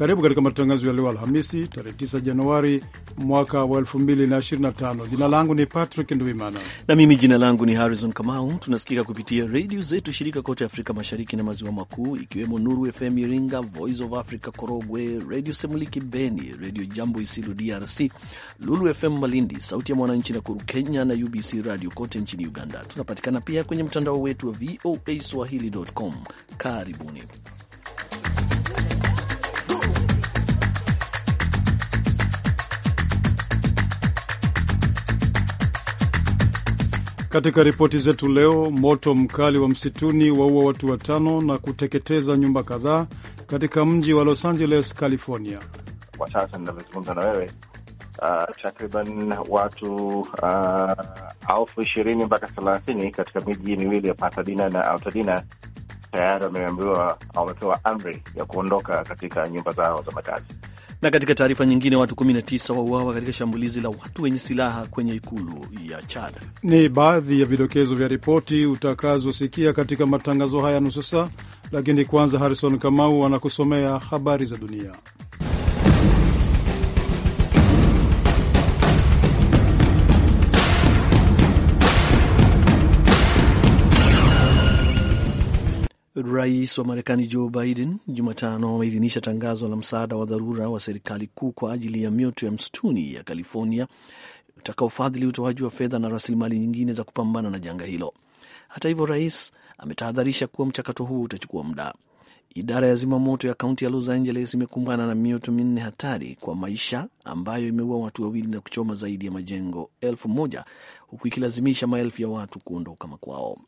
Karibu katika matangazo ya leo Alhamisi, tarehe 9 Januari mwaka wa 2025. Jina langu ni Patrick Ndwimana na mimi jina langu ni Harrison Kamau. Tunasikika kupitia redio zetu shirika kote Afrika Mashariki na Maziwa Makuu, ikiwemo Nuru FM Iringa, Voice of Africa Korogwe, Redio Semuliki Beni, Redio Jambo Isilu DRC, Lulu FM Malindi, Sauti ya Mwananchi na Kuru Kenya, na UBC Radio kote nchini Uganda. Tunapatikana pia kwenye mtandao wetu wa VOA Swahili.com. Karibuni. Katika ripoti zetu leo, moto mkali wa msituni waua watu watano na kuteketeza nyumba kadhaa katika mji wa Los Angeles, California. Kwa sasa ninavyozungumza na wewe, uh, takriban watu uh, ishirini mpaka thelathini katika miji miwili ya Pasadena na Altadena tayari wameambiwa, wamepewa amri ya kuondoka katika nyumba zao za makazi. Na katika taarifa nyingine, watu 19 wauawa katika shambulizi la watu wenye silaha kwenye ikulu ya Chad. Ni baadhi ya vidokezo vya ripoti utakazosikia katika matangazo haya nusu saa, lakini kwanza, Harrison Kamau anakusomea habari za dunia. Rais wa Marekani Joe Biden Jumatano ameidhinisha tangazo la msaada wa dharura wa serikali kuu kwa ajili ya mioto ya msituni ya California utakaofadhili utoaji wa fedha na rasilimali nyingine za kupambana na janga hilo. Hata hivyo, rais ametahadharisha kuwa mchakato huo utachukua muda. Idara ya zimamoto ya kaunti ya Los Angeles imekumbana na mioto minne hatari kwa maisha ambayo imeua watu wawili na kuchoma zaidi ya majengo elfu moja huku ikilazimisha maelfu ya watu kuondoka makwao.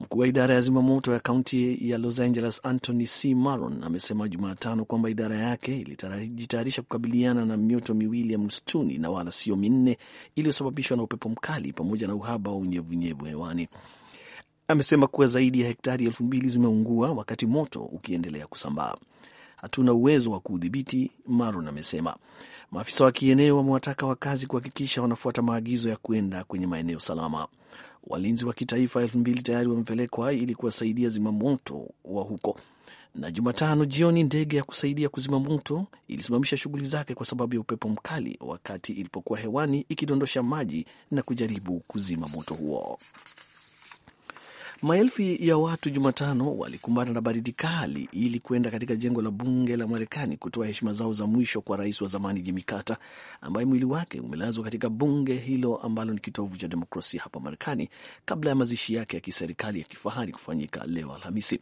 Mkuu wa idara ya zimamoto ya kaunti ya Los Angeles, Anthony C Maron, amesema Jumatano kwamba idara yake ilijitayarisha kukabiliana na mioto miwili ya msituni na wala sio minne iliyosababishwa na upepo mkali pamoja na uhaba wa unyevunyevu hewani. Amesema kuwa zaidi ya hektari elfu mbili zimeungua wakati moto ukiendelea kusambaa. Hatuna uwezo wa kuudhibiti, Maron amesema. Maafisa wa kieneo wamewataka wakazi kuhakikisha wanafuata maagizo ya kuenda kwenye maeneo salama. Walinzi wa kitaifa elfu mbili tayari wamepelekwa ili kuwasaidia zimamoto wa huko. Na Jumatano jioni ndege ya kusaidia kuzima moto ilisimamisha shughuli zake kwa sababu ya upepo mkali wakati ilipokuwa hewani ikidondosha maji na kujaribu kuzima moto huo. Maelfu ya watu Jumatano walikumbana na baridi kali ili kuenda katika jengo la bunge la Marekani kutoa heshima zao za mwisho kwa rais wa zamani Jimmy Carter ambaye mwili wake umelazwa katika bunge hilo ambalo ni kitovu cha demokrasia hapa Marekani kabla ya mazishi yake ya kiserikali ya kifahari kufanyika leo Alhamisi.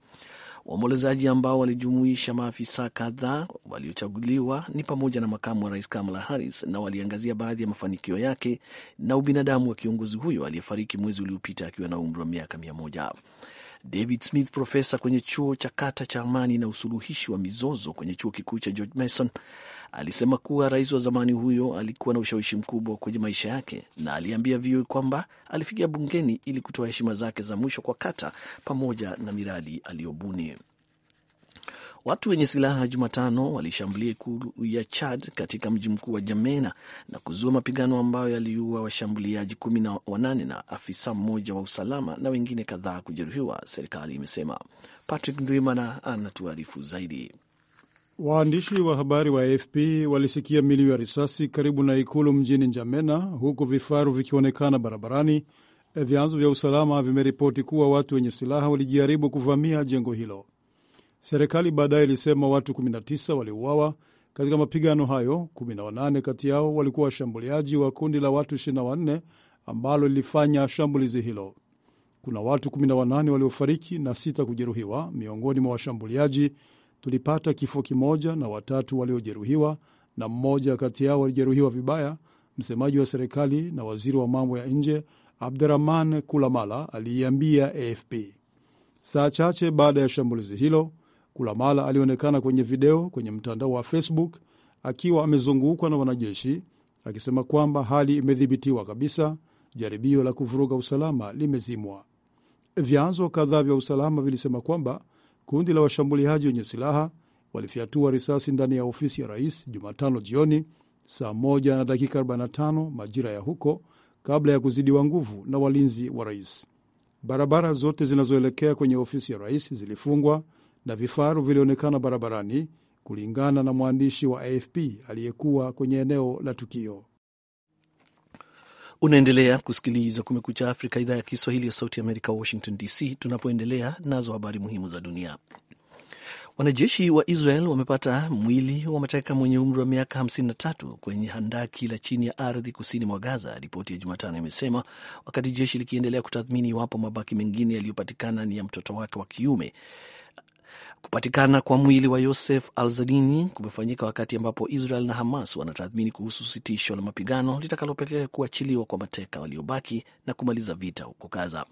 Waombolezaji ambao walijumuisha maafisa kadhaa waliochaguliwa ni pamoja na makamu wa rais Kamala Harris na waliangazia baadhi ya mafanikio yake na ubinadamu wa kiongozi huyo aliyefariki mwezi uliopita akiwa na umri wa miaka mia moja. David Smith, profesa kwenye chuo cha kata cha amani na usuluhishi wa mizozo kwenye chuo kikuu cha George Mason, alisema kuwa rais wa zamani huyo alikuwa na ushawishi mkubwa kwenye maisha yake, na aliambia VOA kwamba alifikia bungeni ili kutoa heshima zake za mwisho kwa kata pamoja na miradi aliyobuni. Watu wenye silaha Jumatano walishambulia ikulu ya Chad katika mji mkuu wa Jamena na kuzua mapigano ambayo yaliua washambuliaji kumi na wanane na afisa mmoja wa usalama na wengine kadhaa kujeruhiwa, serikali imesema. Patrick Ndwimana anatuarifu zaidi. Waandishi wa habari wa AFP walisikia milio ya risasi karibu na ikulu mjini Njamena, huku vifaru vikionekana barabarani. E, vyanzo vya usalama vimeripoti kuwa watu wenye silaha walijaribu kuvamia jengo hilo. Serikali baadaye ilisema watu 19 waliuawa katika mapigano hayo. 18 kati yao walikuwa washambuliaji wa kundi la watu 24 ambalo lilifanya shambulizi hilo. Kuna watu 18 waliofariki na sita kujeruhiwa miongoni mwa washambuliaji tulipata kifo kimoja na watatu waliojeruhiwa na mmoja kati yao walijeruhiwa vibaya. Msemaji wa serikali na waziri wa mambo ya nje Abdurahman Kulamala aliiambia AFP saa chache baada ya shambulizi hilo. Kulamala alionekana kwenye video kwenye mtandao wa Facebook akiwa amezungukwa na wanajeshi akisema kwamba hali imedhibitiwa kabisa, jaribio la kuvuruga usalama limezimwa. Vyanzo kadhaa vya usalama vilisema kwamba Kundi la washambuliaji wenye silaha walifyatua risasi ndani ya ofisi ya rais Jumatano jioni saa moja na dakika 45 majira ya huko, kabla ya kuzidiwa nguvu na walinzi wa rais. Barabara zote zinazoelekea kwenye ofisi ya rais zilifungwa na vifaru vilionekana barabarani, kulingana na mwandishi wa AFP aliyekuwa kwenye eneo la tukio. Unaendelea kusikiliza Kumekucha Afrika, idhaa ya Kiswahili ya Sauti Amerika, Washington DC, tunapoendelea nazo habari muhimu za dunia. Wanajeshi wa Israel wamepata mwili wa mateka mwenye umri wa miaka 53 kwenye handaki la chini ya ardhi kusini mwa Gaza, ripoti ya Jumatano imesema, wakati jeshi likiendelea kutathmini iwapo mabaki mengine yaliyopatikana ni ya mtoto wake wa kiume Kupatikana kwa mwili wa Yosef Alzadini kumefanyika wakati ambapo Israel na Hamas wanatathmini kuhusu sitisho la mapigano litakalopelekea kuachiliwa kwa mateka waliobaki na kumaliza vita huko Gaza.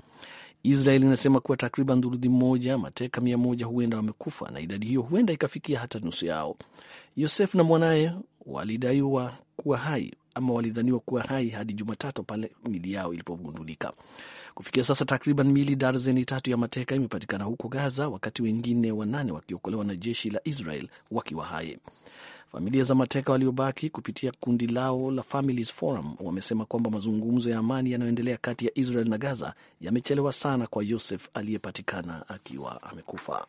Israel inasema kuwa takriban theluthi moja mateka mia moja huenda wamekufa na idadi hiyo huenda ikafikia hata nusu yao. Yosef na mwanaye walidaiwa kuwa hai ama walidhaniwa kuwa hai hadi Jumatatu pale mili yao ilipogundulika. Kufikia sasa takriban mili darzeni tatu ya mateka imepatikana huko Gaza, wakati wengine wanane wakiokolewa na jeshi la Israel wakiwa hai. Familia za mateka waliobaki kupitia kundi lao la Families Forum wamesema kwamba mazungumzo ya amani yanayoendelea kati ya Israel na Gaza yamechelewa sana kwa Yosef aliyepatikana akiwa amekufa.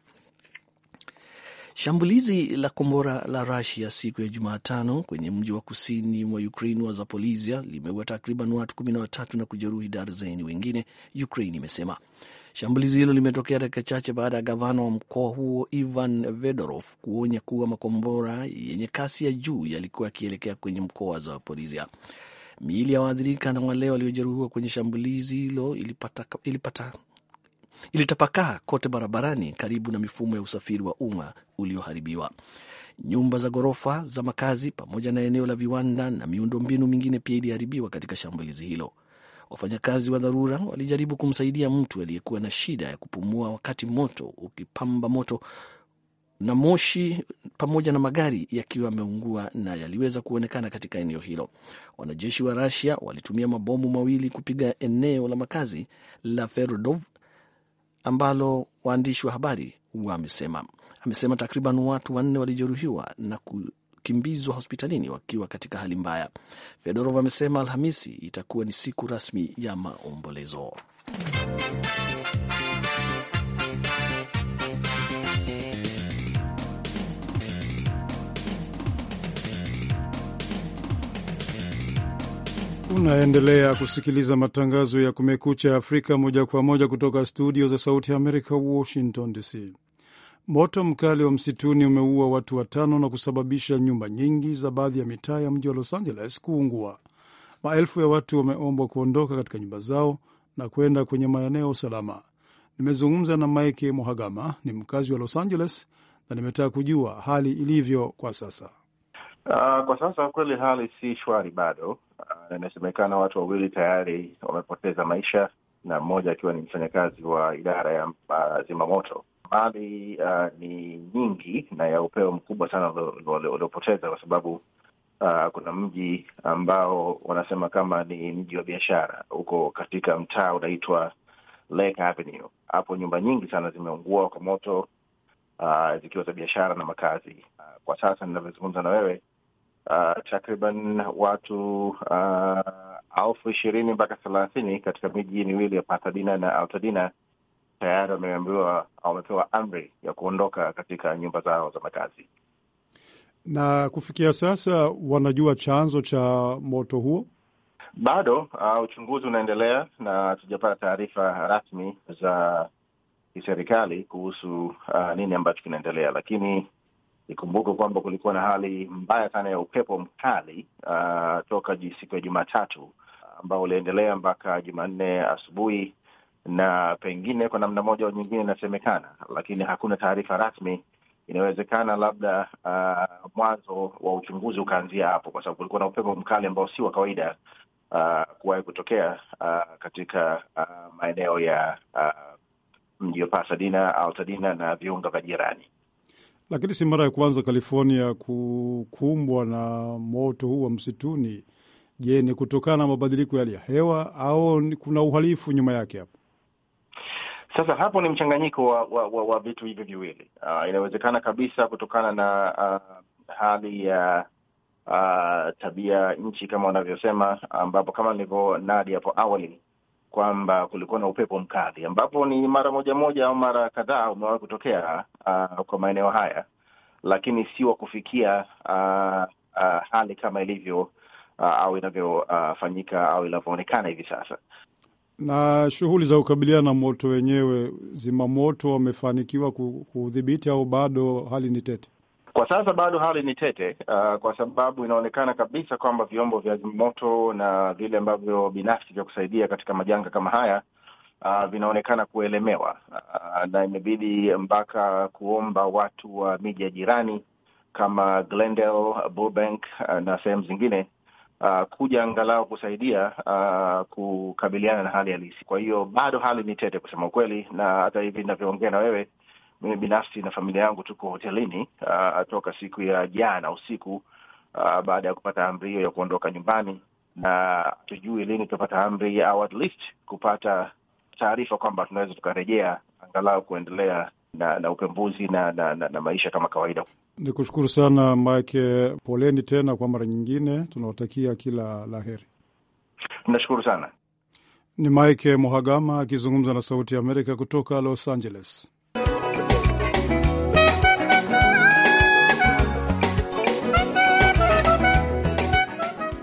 Shambulizi la kombora la Rusia siku ya Jumatano kwenye mji wa kusini mwa Ukraine wa zapolisia limeua takriban watu kumi na watatu na kujeruhi darzeni wengine, Ukraine imesema. Shambulizi hilo limetokea dakika chache baada ya gavana wa mkoa huo Ivan Vedorov kuonya kuwa makombora yenye kasi ya juu yalikuwa yakielekea kwenye mkoa wa Zaporizhia. Miili ya waathirika na wale waliojeruhiwa kwenye shambulizi hilo ilipata, ilipata ilitapakaa kote barabarani karibu na mifumo ya usafiri wa umma ulioharibiwa. Nyumba za ghorofa za makazi pamoja na eneo la viwanda na miundombinu mingine pia iliharibiwa katika shambulizi hilo. Wafanyakazi wa dharura walijaribu kumsaidia mtu aliyekuwa na shida ya kupumua wakati moto ukipamba moto na moshi pamoja na magari yakiwa yameungua na yaliweza kuonekana katika eneo hilo. Wanajeshi wa Russia walitumia mabomu mawili kupiga eneo la makazi la Ferodov ambalo waandishi wa habari wamesema. Amesema takriban watu wanne walijeruhiwa na kukimbizwa hospitalini wakiwa katika hali mbaya. Fedorov amesema Alhamisi itakuwa ni siku rasmi ya maombolezo. Unaendelea kusikiliza matangazo ya Kumekucha Afrika moja kwa moja kutoka studio za Sauti ya Amerika, Washington DC. Moto mkali wa msituni umeua watu watano na kusababisha nyumba nyingi za baadhi ya mitaa ya mji wa Los Angeles kuungua. Maelfu ya watu wameombwa kuondoka katika nyumba zao na kwenda kwenye maeneo salama. Nimezungumza na Mike Mohagama, ni mkazi wa Los Angeles, na nimetaka kujua hali ilivyo kwa sasa. Uh, kwa sasa kweli hali si shwari bado Ah, na inasemekana watu wawili tayari wamepoteza maisha na mmoja akiwa ni mfanyakazi wa idara ya uh, zimamoto. Mali uh, ah, ni nyingi na ya upeo mkubwa sana waliopoteza, kwa sababu uh, kuna mji ambao wanasema kama ni mji wa biashara huko katika mtaa unaitwa Lake Avenue. Hapo nyumba nyingi sana zimeungua kwa moto uh, zikiwa za biashara na makazi. Uh, kwa sasa ninavyozungumza na wewe uh, takriban watu ah, elfu uh, ishirini mpaka thelathini katika miji miwili ya Pasadena na Altadena tayari wameambiwa, wamepewa amri ya kuondoka katika nyumba zao za makazi, na kufikia sasa wanajua chanzo cha moto huo bado. Uh, uchunguzi unaendelea na tujapata taarifa rasmi za kiserikali kuhusu uh, nini ambacho kinaendelea, lakini Ikumbuke kwamba kulikuwa na hali mbaya sana ya upepo mkali uh, toka siku ya Jumatatu ambao uliendelea mpaka Jumanne asubuhi, na pengine kwa namna moja au nyingine inasemekana, lakini hakuna taarifa rasmi. Inawezekana labda uh, mwanzo wa uchunguzi ukaanzia hapo, kwa sababu kulikuwa na upepo mkali ambao si wa kawaida uh, kuwahi kutokea uh, katika uh, maeneo ya uh, mji wa Pasadena, Altadena na viunga vya jirani lakini si mara ya kwanza California kukumbwa na moto huu wa msituni. Je, ni kutokana na mabadiliko ya hali ya hewa au kuna uhalifu nyuma yake hapo? Sasa hapo ni mchanganyiko wa, wa, wa, wa vitu hivyo viwili. Uh, inawezekana kabisa kutokana na uh, hali ya uh, tabia nchi kama wanavyosema, ambapo kama nilivyonadi hapo awali kwamba kulikuwa na upepo mkali, ambapo ni mara moja moja au mara kadhaa umewahi kutokea uh, kwa maeneo haya, lakini si wa kufikia uh, uh, hali kama ilivyo uh, au inavyofanyika uh, au inavyoonekana hivi sasa. Na shughuli za kukabiliana na moto wenyewe, zimamoto wamefanikiwa kudhibiti au bado hali ni tete? Kwa sasa bado hali ni tete, uh, kwa sababu inaonekana kabisa kwamba vyombo vya moto na vile ambavyo binafsi vya kusaidia katika majanga kama haya uh, vinaonekana kuelemewa uh, na imebidi mpaka kuomba watu wa miji ya jirani kama Glendale, Burbank uh, na sehemu zingine uh, kuja angalau kusaidia uh, kukabiliana na hali halisi. Kwa hiyo bado hali ni tete kusema ukweli, na hata hivi inavyoongea na wewe mimi binafsi na familia yangu tuko hotelini uh, toka siku ya jana usiku uh, baada ya kupata amri hiyo ya kuondoka nyumbani, na tujui lini tutapata amri au at least kupata taarifa kwamba tunaweza tukarejea angalau kuendelea na, na upembuzi na, na, na, na maisha kama kawaida. Ni kushukuru sana Mike, poleni tena kwa mara nyingine, tunawatakia kila la heri. Tunashukuru sana. Ni Mike mohagama akizungumza na Sauti ya Amerika kutoka Los Angeles.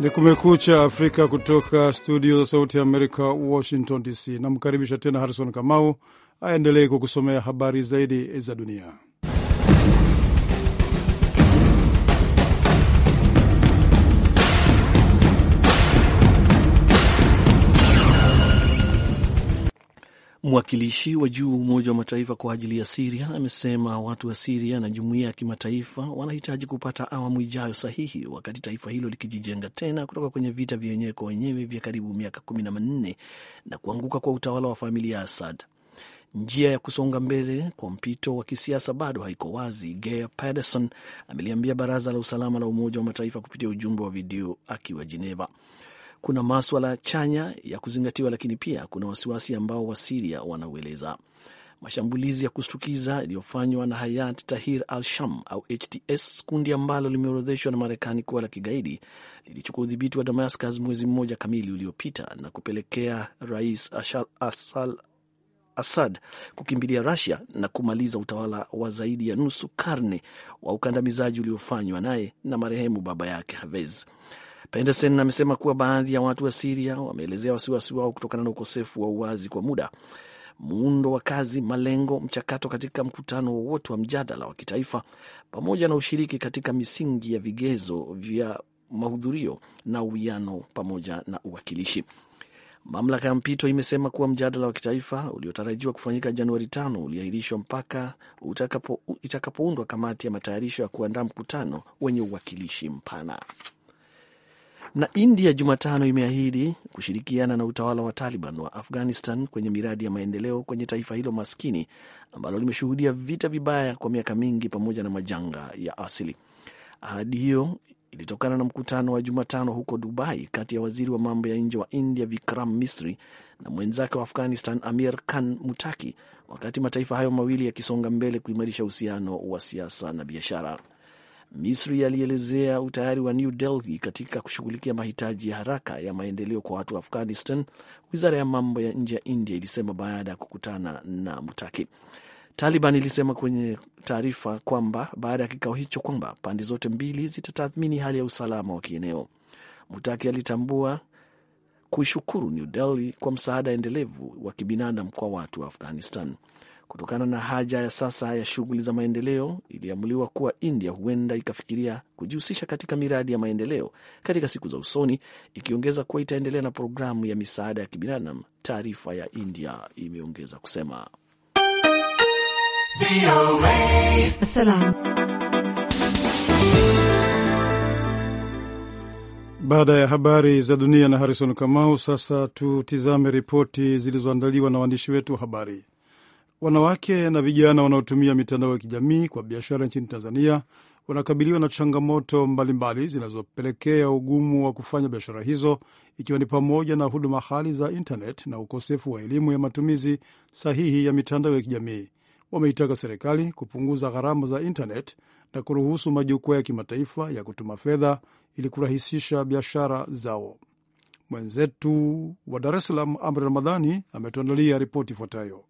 Ni Kumekucha Afrika kutoka studio za Sauti ya Amerika, Washington DC. Namkaribisha tena Harrison Kamau aendelee kukusomea habari zaidi za dunia. Mwakilishi wa juu wa Umoja wa Mataifa kwa ajili ya Siria amesema watu wa Siria na jumuiya ya kimataifa wanahitaji kupata awamu ijayo sahihi, wakati taifa hilo likijijenga tena kutoka kwenye vita vya wenyewe kwa wenyewe vya karibu miaka kumi na minne na kuanguka kwa utawala wa familia ya Assad. Njia ya kusonga mbele kwa mpito wa kisiasa bado haiko wazi, Geir Pedersen ameliambia Baraza la Usalama la Umoja wa Mataifa kupitia ujumbe wa video akiwa Geneva kuna maswala chanya ya kuzingatiwa, lakini pia kuna wasiwasi ambao Wasiria wanaueleza. Mashambulizi ya kushtukiza yaliyofanywa na Hayat Tahrir al-Sham au HTS, kundi ambalo limeorodheshwa na Marekani kuwa la kigaidi, lilichukua udhibiti wa Damascus mwezi mmoja kamili uliopita na kupelekea Rais Asal Assad kukimbilia Russia na kumaliza utawala wa zaidi ya nusu karne wa ukandamizaji uliofanywa naye na marehemu baba yake Hafez. Pedersen amesema kuwa baadhi ya watu wa Siria wameelezea wasiwasi wao kutokana na ukosefu wa uwazi kwa muda, muundo wa kazi, malengo, mchakato katika mkutano wowote wa mjadala wa kitaifa, pamoja na ushiriki katika misingi ya vigezo vya mahudhurio na uwiano pamoja na uwakilishi. Mamlaka ya mpito imesema kuwa mjadala wa kitaifa uliotarajiwa kufanyika Januari tano uliahirishwa mpaka itakapoundwa kamati ya matayarisho ya kuandaa mkutano wenye uwakilishi mpana. Na India Jumatano imeahidi kushirikiana na utawala wa Taliban wa Afghanistan kwenye miradi ya maendeleo kwenye taifa hilo maskini ambalo limeshuhudia vita vibaya kwa miaka mingi pamoja na majanga ya asili. Ahadi hiyo ilitokana na mkutano wa Jumatano huko Dubai kati ya waziri wa mambo ya nje wa India Vikram Misri na mwenzake wa Afghanistan Amir Khan Mutaki, wakati mataifa hayo mawili yakisonga mbele kuimarisha uhusiano wa siasa na biashara. Misri alielezea utayari wa New Delhi katika kushughulikia mahitaji ya haraka ya maendeleo kwa watu wa Afghanistan, wizara ya mambo ya nje ya India ilisema baada ya kukutana na Mutaki. Taliban ilisema kwenye taarifa kwamba baada ya kikao hicho kwamba pande zote mbili zitatathmini hali ya usalama wa kieneo. Mutaki alitambua kuishukuru New Delhi kwa msaada endelevu wa kibinadamu kwa watu wa Afghanistan. Kutokana na haja ya sasa ya shughuli za maendeleo, iliamuliwa kuwa India huenda ikafikiria kujihusisha katika miradi ya maendeleo katika siku za usoni, ikiongeza kuwa itaendelea na programu ya misaada ya kibinadamu, taarifa ya India imeongeza kusema. Baada ya habari za dunia na Harrison Kamau, sasa tutizame ripoti zilizoandaliwa na waandishi wetu wa habari. Wanawake na vijana wanaotumia mitandao ya kijamii kwa biashara nchini Tanzania wanakabiliwa na changamoto mbalimbali zinazopelekea ugumu wa kufanya biashara hizo, ikiwa ni pamoja na huduma hali za intanet na ukosefu wa elimu ya matumizi sahihi ya mitandao ya kijamii. Wameitaka serikali kupunguza gharama za intanet na kuruhusu majukwaa ya kimataifa ya kutuma fedha ili kurahisisha biashara zao. Mwenzetu wa Dar es Salaam, Amri Ramadhani, ametuandalia ripoti ifuatayo.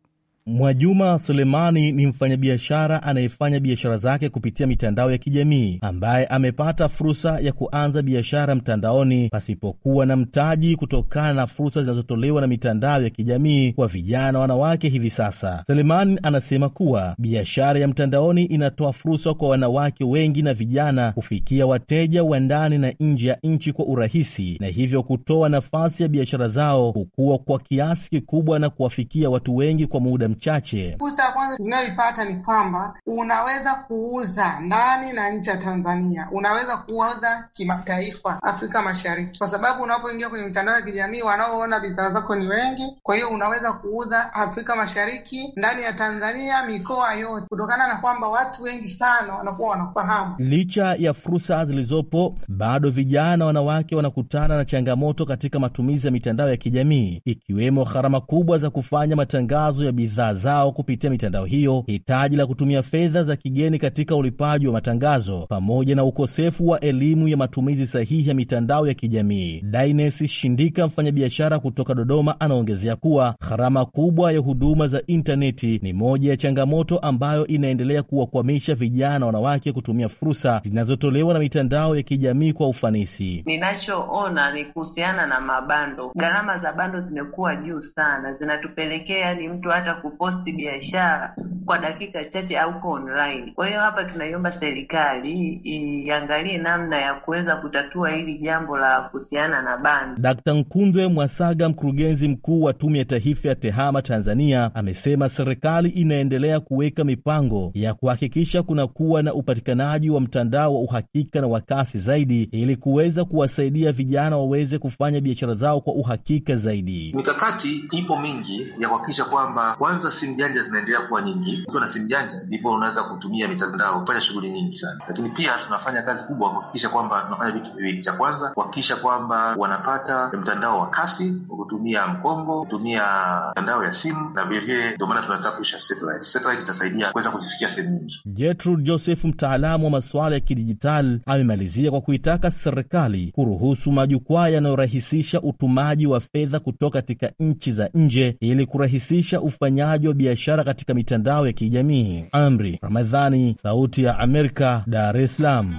Mwajuma Sulemani ni mfanyabiashara anayefanya biashara zake kupitia mitandao ya kijamii ambaye amepata fursa ya kuanza biashara mtandaoni pasipokuwa na mtaji kutokana na fursa zinazotolewa na mitandao ya kijamii kwa vijana na wanawake hivi sasa. Sulemani anasema kuwa biashara ya mtandaoni inatoa fursa kwa wanawake wengi na vijana kufikia wateja wa ndani na nje ya nchi kwa urahisi na hivyo kutoa nafasi ya biashara zao kukua kwa kiasi kikubwa na kuwafikia watu wengi kwa muda mchache. Fursa ya kwanza tunayoipata ni kwamba unaweza kuuza ndani na nje ya Tanzania, unaweza kuuza kimataifa, Afrika Mashariki, kwa sababu unapoingia kwenye mitandao ya kijamii wanaoona bidhaa zako ni wengi. Kwa hiyo unaweza kuuza Afrika Mashariki, ndani ya Tanzania, mikoa yote, kutokana na kwamba watu wengi sana wanakuwa wanafahamu. Licha ya fursa zilizopo, bado vijana wanawake wanakutana na changamoto katika matumizi ya mitandao ya kijamii, ikiwemo gharama kubwa za kufanya matangazo ya bidhaa bidhaa zao kupitia mitandao hiyo, hitaji la kutumia fedha za kigeni katika ulipaji wa matangazo, pamoja na ukosefu wa elimu ya matumizi sahihi ya mitandao ya kijamii. Daines Shindika, mfanyabiashara kutoka Dodoma, anaongezea kuwa gharama kubwa ya huduma za intaneti ni moja ya changamoto ambayo inaendelea kuwakwamisha vijana na wanawake kutumia fursa zinazotolewa na mitandao ya kijamii kwa ufanisi. Ninachoona ni kuhusiana na mabando, gharama za bando zimekuwa juu sana, zinatupelekea ni yaani mtu hata ku kuposti biashara kwa dakika chache au kwa online. Kwa hiyo hapa tunaiomba serikali iangalie namna ya kuweza kutatua hili jambo la kuhusiana na bandi. Dkt. Nkundwe Mwasaga, mkurugenzi mkuu wa Tume ya Taifa ya Tehama Tanzania, amesema serikali inaendelea kuweka mipango ya kuhakikisha kunakuwa na upatikanaji wa mtandao wa uhakika na wakasi zaidi ili kuweza kuwasaidia vijana waweze kufanya biashara zao kwa uhakika zaidi. Mikakati ipo mingi ya kuhakikisha kwamba kwanza kwanza, simu janja zinaendelea kuwa nyingi. Ukiwa na simu janja, ndipo unaweza kutumia mitandao kufanya shughuli nyingi sana, lakini pia tunafanya kazi kubwa kuhakikisha kwamba tunafanya vitu viwili. Cha kwanza, kuhakikisha kwamba wanapata mtandao wa kasi wa kutumia mkongo, kutumia mitandao ya simu, na vilevile ndio maana tunataka kuisha satellite. Satellite itasaidia kuweza kuzifikia sehemu nyingi. Gertrude Joseph, mtaalamu wa masuala ya kidijitali, amemalizia kwa kuitaka serikali kuruhusu majukwaa yanayorahisisha utumaji wa fedha kutoka katika nchi za nje ili kurahisisha ufanyaji utangazaji wa biashara katika mitandao ya kijamii. Amri Ramadhani, Sauti ya Amerika, Dar es Salaam.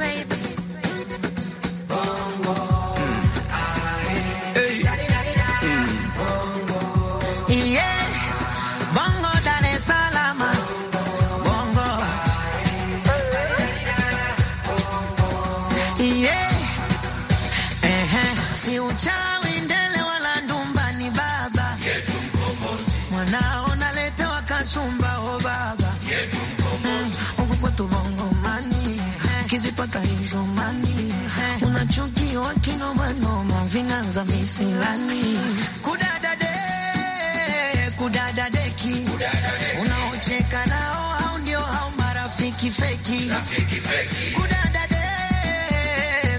baby. kinoma noma vinanza misilani kudadade kudadadeki unaocheka nao au ndio hao marafiki feki kudadade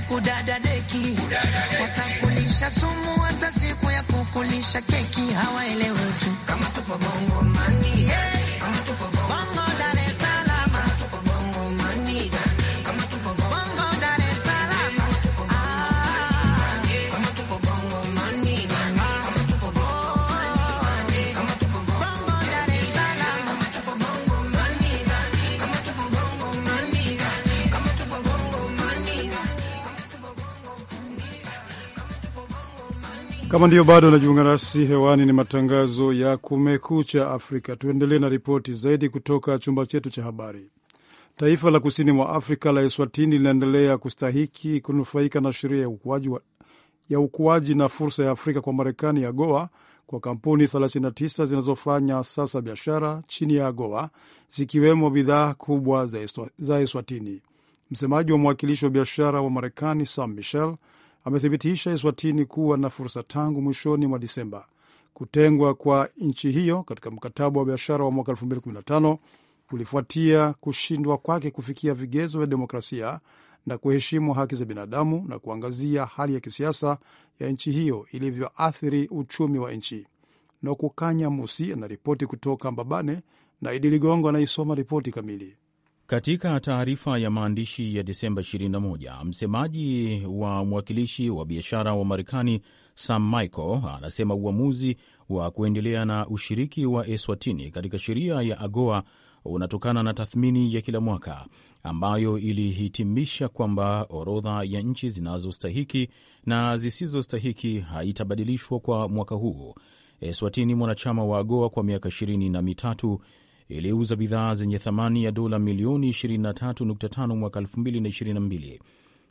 kudadadeki watakulisha sumu hata siku ya kukulisha keki hawaeleweki kama tupo Bongo mani yeah. Kama ndiyo bado unajiunga nasi hewani, ni matangazo ya Kumekucha Afrika. Tuendelee na ripoti zaidi kutoka chumba chetu cha habari. Taifa la kusini mwa Afrika la Eswatini linaendelea kustahiki kunufaika na sheria ya ukuaji na fursa ya Afrika kwa Marekani ya GOA kwa kampuni 39 zinazofanya sasa biashara chini ya AGOA zikiwemo bidhaa kubwa za Eswatini. Msemaji wa mwakilishi wa biashara wa Marekani Sam Michel amethibitisha Eswatini kuwa na fursa tangu mwishoni mwa Disemba. Kutengwa kwa nchi hiyo katika mkataba wa biashara wa mwaka 2015 kulifuatia kushindwa kwake kufikia vigezo vya demokrasia na kuheshimu haki za binadamu na kuangazia hali ya kisiasa ya nchi hiyo ilivyoathiri uchumi wa nchi. Nokukanya Musi anaripoti kutoka Mbabane na Idi Ligongo anaisoma ripoti kamili. Katika taarifa ya maandishi ya Desemba 21, msemaji wa mwakilishi wa biashara wa Marekani Sam Michael anasema uamuzi wa kuendelea na ushiriki wa Eswatini katika sheria ya AGOA unatokana na tathmini ya kila mwaka ambayo ilihitimisha kwamba orodha ya nchi zinazostahiki na zisizostahiki haitabadilishwa kwa mwaka huu. Eswatini, mwanachama wa AGOA kwa miaka ishirini na mitatu, iliuza bidhaa zenye thamani ya dola milioni 23.5 mwaka 2022.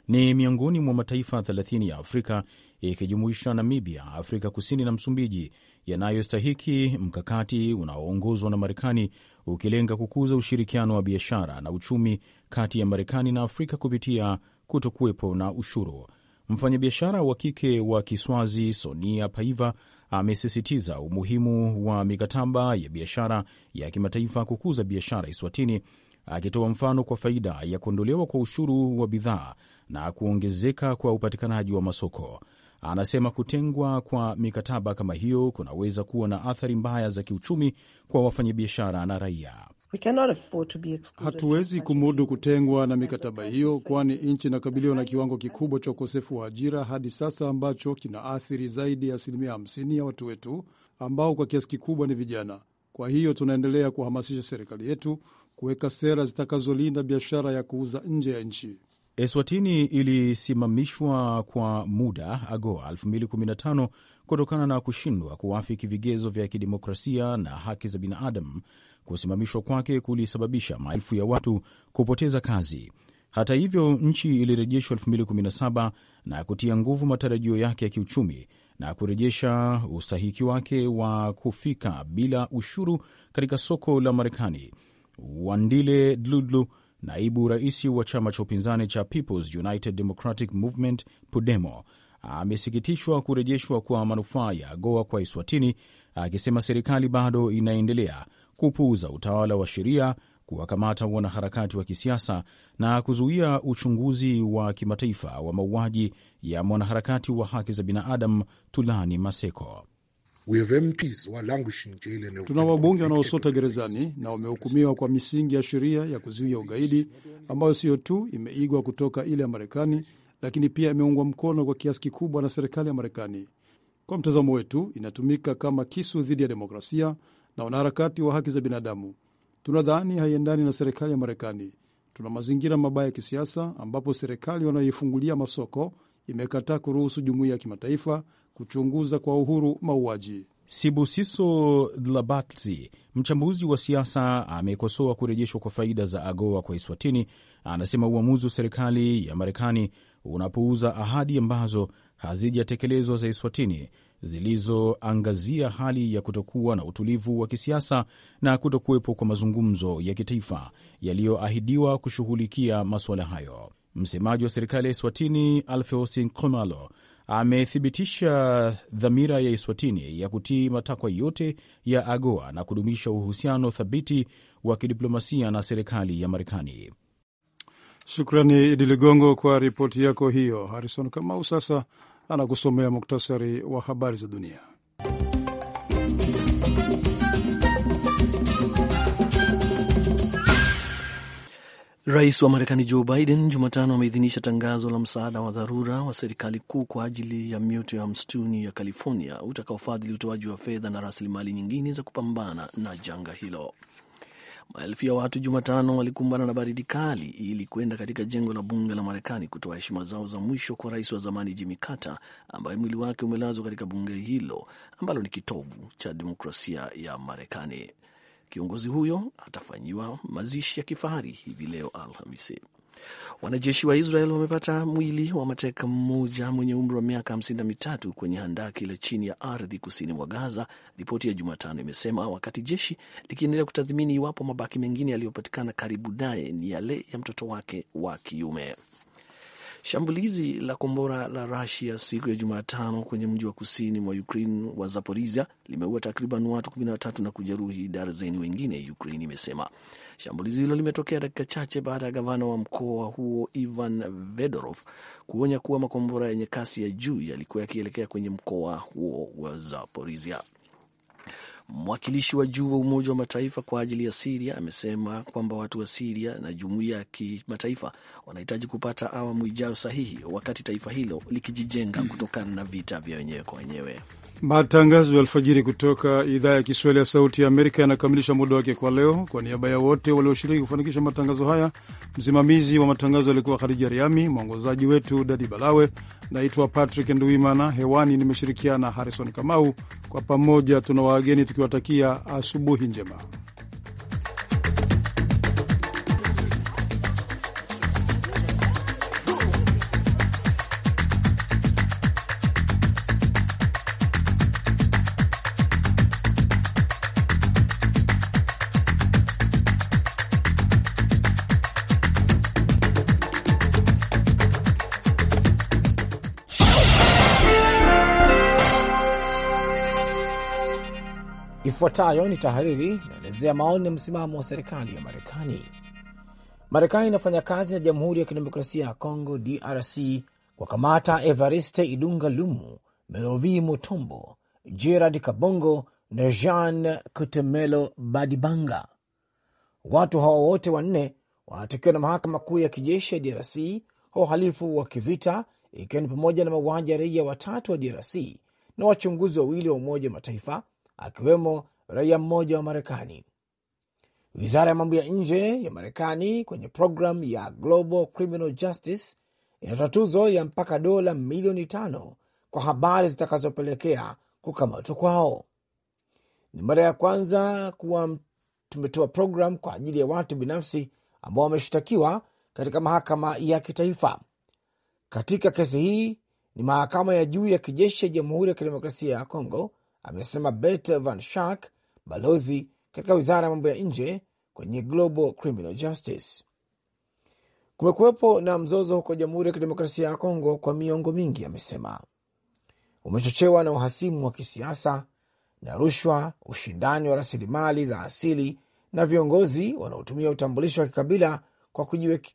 Ni miongoni mwa mataifa 30 ya Afrika ikijumuisha Namibia, Afrika Kusini na Msumbiji yanayostahiki mkakati unaoongozwa na Marekani ukilenga kukuza ushirikiano wa biashara na uchumi kati ya Marekani na Afrika kupitia kutokuwepo na ushuru. Mfanyabiashara wa kike wa Kiswazi Sonia Paiva amesisitiza umuhimu wa mikataba ya biashara ya kimataifa kukuza biashara Iswatini, akitoa mfano kwa faida ya kuondolewa kwa ushuru wa bidhaa na kuongezeka kwa upatikanaji wa masoko. Anasema kutengwa kwa mikataba kama hiyo kunaweza kuwa na athari mbaya za kiuchumi kwa wafanyabiashara na raia. Hatuwezi kumudu kutengwa na mikataba hiyo, kwani nchi inakabiliwa na kiwango kikubwa cha ukosefu wa ajira hadi sasa ambacho kinaathiri zaidi ya asilimia 50 ya watu wetu ambao kwa kiasi kikubwa ni vijana. Kwa hiyo tunaendelea kuhamasisha serikali yetu kuweka sera zitakazolinda biashara ya kuuza nje ya nchi. Eswatini ilisimamishwa kwa muda AGOA 2015 kutokana na kushindwa kuafiki vigezo vya kidemokrasia na haki za binadamu Kusimamishwa kwake kulisababisha maelfu ya watu kupoteza kazi. Hata hivyo, nchi ilirejeshwa 2017 na kutia nguvu matarajio yake ya kiuchumi na kurejesha usahiki wake wa kufika bila ushuru katika soko la Marekani. Wandile Dludlu, naibu rais wa chama cha upinzani cha Peoples United Democratic Movement PUDEMO, amesikitishwa kurejeshwa kwa manufaa ya AGOA kwa iswatini akisema serikali bado inaendelea kupuuza utawala wa sheria, kuwakamata wanaharakati wa kisiasa na kuzuia uchunguzi wa kimataifa wa mauaji ya mwanaharakati wa haki za binadamu Tulani Maseko. Tuna wabunge wanaosota gerezani na wamehukumiwa kwa misingi ya sheria ya kuzuia ugaidi ambayo siyo tu imeigwa kutoka ile ya Marekani, lakini pia imeungwa mkono kwa kiasi kikubwa na serikali ya Marekani. Kwa mtazamo wetu, inatumika kama kisu dhidi ya demokrasia na wanaharakati wa haki za binadamu. Tunadhani haiendani na serikali ya Marekani. Tuna mazingira mabaya ya kisiasa ambapo serikali wanayoifungulia masoko imekataa kuruhusu jumuiya ya kimataifa kuchunguza kwa uhuru mauaji. Sibusiso Dlabatsi, mchambuzi wa siasa, amekosoa kurejeshwa kwa faida za AGOA kwa Iswatini. Anasema uamuzi wa serikali ya Marekani unapuuza ahadi ambazo hazijatekelezwa za Iswatini zilizoangazia hali ya kutokuwa na utulivu wa kisiasa na kutokuwepo kwa mazungumzo ya kitaifa yaliyoahidiwa kushughulikia masuala hayo. Msemaji wa serikali ya Eswatini alfeosin Nxumalo amethibitisha dhamira ya Eswatini ya kutii matakwa yote ya AGOA na kudumisha uhusiano thabiti wa kidiplomasia na serikali ya Marekani. Shukrani Idi Ligongo kwa ripoti yako hiyo. Harison Kamau sasa anakusomea muktasari wa habari za dunia. Rais wa Marekani Joe Biden Jumatano ameidhinisha tangazo la msaada wa dharura wa serikali kuu kwa ajili ya mioto ya msituni ya California utakaofadhili utoaji wa fedha na rasilimali nyingine za kupambana na janga hilo. Maelfu ya watu Jumatano walikumbana na baridi kali ili kwenda katika jengo la bunge la Marekani kutoa heshima zao za mwisho kwa rais wa zamani Jimmy Carter ambaye mwili wake umelazwa katika bunge hilo ambalo ni kitovu cha demokrasia ya Marekani. Kiongozi huyo atafanyiwa mazishi ya kifahari hivi leo Alhamisi. Wanajeshi wa Israel wamepata mwili wa mateka mmoja mwenye umri wa miaka hamsini na mitatu kwenye handaki la chini ya ardhi kusini mwa Gaza, ripoti ya Jumatano imesema, wakati jeshi likiendelea kutathmini iwapo mabaki mengine yaliyopatikana karibu naye ni yale ya mtoto wake wa kiume. Shambulizi la kombora la Rusia siku ya Jumatano kwenye mji wa kusini mwa Ukraine wa zaporisia limeua takriban watu 13 na kujeruhi darzeni wengine, Ukraine imesema. Shambulizi hilo limetokea dakika chache baada ya gavana wa mkoa huo Ivan Vedorov kuonya kuwa makombora yenye kasi ya juu yalikuwa yakielekea kwenye mkoa huo wa zaporisia Mwakilishi wa juu wa Umoja wa Mataifa kwa ajili ya Siria amesema kwamba watu wa Siria na jumuiya ya kimataifa wanahitaji kupata awamu ijayo sahihi, wakati taifa hilo likijijenga kutokana na vita vya wenyewe kwa wenyewe. Matangazo ya alfajiri kutoka idhaa ya Kiswahili ya Sauti ya Amerika yanakamilisha muda wake kwa leo. Kwa niaba ya wote walioshiriki kufanikisha matangazo haya, msimamizi wa matangazo alikuwa Khadija Riami, mwongozaji wetu Dadi Balawe. Naitwa Patrick Nduimana, hewani nimeshirikiana na Harrison Kamau. Kwa pamoja tuna wageni tukiwatakia asubuhi njema. Ifuatayo ni tahariri, inaelezea maoni na msimamo wa serikali ya Marekani. Marekani inafanya kazi na Jamhuri ya Kidemokrasia ya Kongo, DRC, kwa kamata Evariste Idunga Lumu, Merovi Mutombo, Gerard Kabongo na Jean Kutemelo Badibanga. Watu hawa wote wanne wanatokiwa na mahakama kuu ya kijeshi ya DRC kwa uhalifu wa kivita, ikiwa ni pamoja na mauaji ya raia watatu wa DRC na wachunguzi wawili wa Umoja wa Mataifa akiwemo raia mmoja wa Marekani. Wizara ya mambo ya nje ya Marekani kwenye programu ya Global Criminal Justice inatoa tuzo ya mpaka dola milioni tano kwa habari zitakazopelekea kukamatwa kwao. Ni mara ya kwanza kuwa tumetoa programu kwa ajili ya watu binafsi ambao wameshtakiwa katika mahakama ya kitaifa. Katika kesi hii ni mahakama ya juu ya kijeshi ya Jamhuri ya Kidemokrasia ya Kongo amesema bet Van Schaak, balozi katika wizara ya mambo ya nje kwenye Global Criminal Justice. Kumekuwepo na mzozo huko Jamhuri ya Kidemokrasia ya Kongo kwa miongo mingi, amesema umechochewa na uhasimu wa kisiasa na rushwa, ushindani wa rasilimali za asili na viongozi wanaotumia utambulisho wa kikabila kwa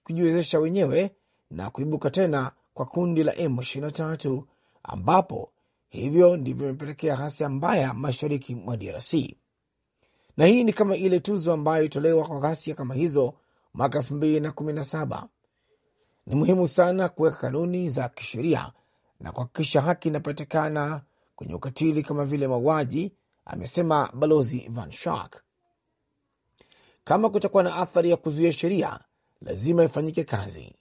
kujiwezesha wenyewe na kuibuka tena kwa kundi la M23 ambapo Hivyo ndivyo imepelekea ghasia mbaya mashariki mwa DRC, na hii ni kama ile tuzo ambayo itolewa kwa ghasia kama hizo mwaka elfu mbili na kumi na saba. Ni muhimu sana kuweka kanuni za kisheria na kuhakikisha haki inapatikana kwenye ukatili kama vile mauaji, amesema Balozi Van Shark. Kama kutakuwa na athari ya kuzuia sheria, lazima ifanyike kazi,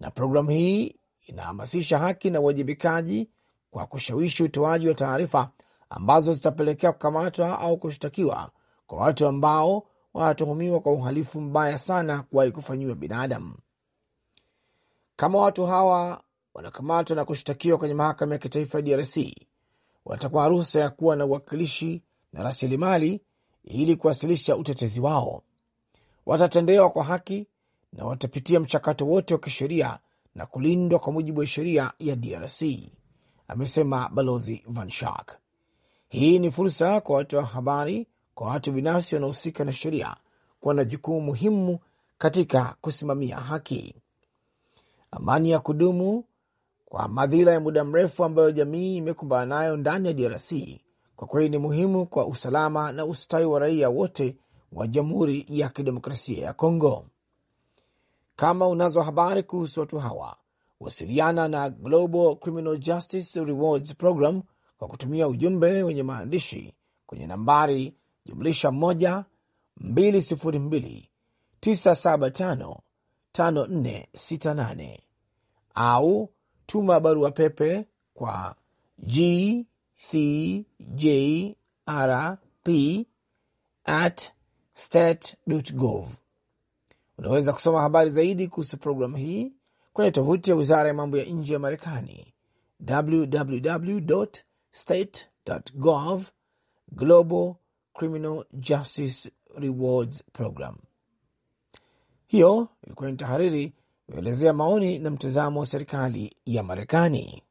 na programu hii inahamasisha haki na uwajibikaji kwa kushawishi utoaji wa taarifa ambazo zitapelekea kukamatwa au kushtakiwa kwa watu ambao wanatuhumiwa kwa uhalifu mbaya sana kuwahi kufanyiwa binadamu. Kama watu hawa wanakamatwa na kushtakiwa kwenye mahakama ya kitaifa ya DRC, watakuwa ruhusa ya kuwa na uwakilishi na rasilimali ili kuwasilisha utetezi wao. Watatendewa kwa haki na watapitia mchakato wote wa kisheria na kulindwa kwa mujibu wa sheria ya DRC amesema Balozi Van Schaak. Hii ni fursa kwa watu wa habari, kwa watu binafsi wanaohusika na sheria kuwa na jukumu muhimu katika kusimamia haki. Amani ya kudumu kwa madhila ya muda mrefu ambayo jamii imekumbana nayo ndani ya DRC kwa kweli ni muhimu kwa usalama na ustawi wa raia wote wa Jamhuri ya Kidemokrasia ya Kongo. Kama unazo habari kuhusu watu hawa, wasiliana na Global Criminal Justice Rewards Program kwa kutumia ujumbe wenye maandishi kwenye nambari jumlisha 1 202 au tuma barua pepe kwa gcjrp at state.gov. Unaweza kusoma habari zaidi kuhusu programu hii kwenye tovuti ya wizara ya mambo ya nje ya Marekani, www state gov global criminal justice rewards program. Hiyo ilikuwa ni tahariri kuelezea maoni na mtazamo wa serikali ya Marekani.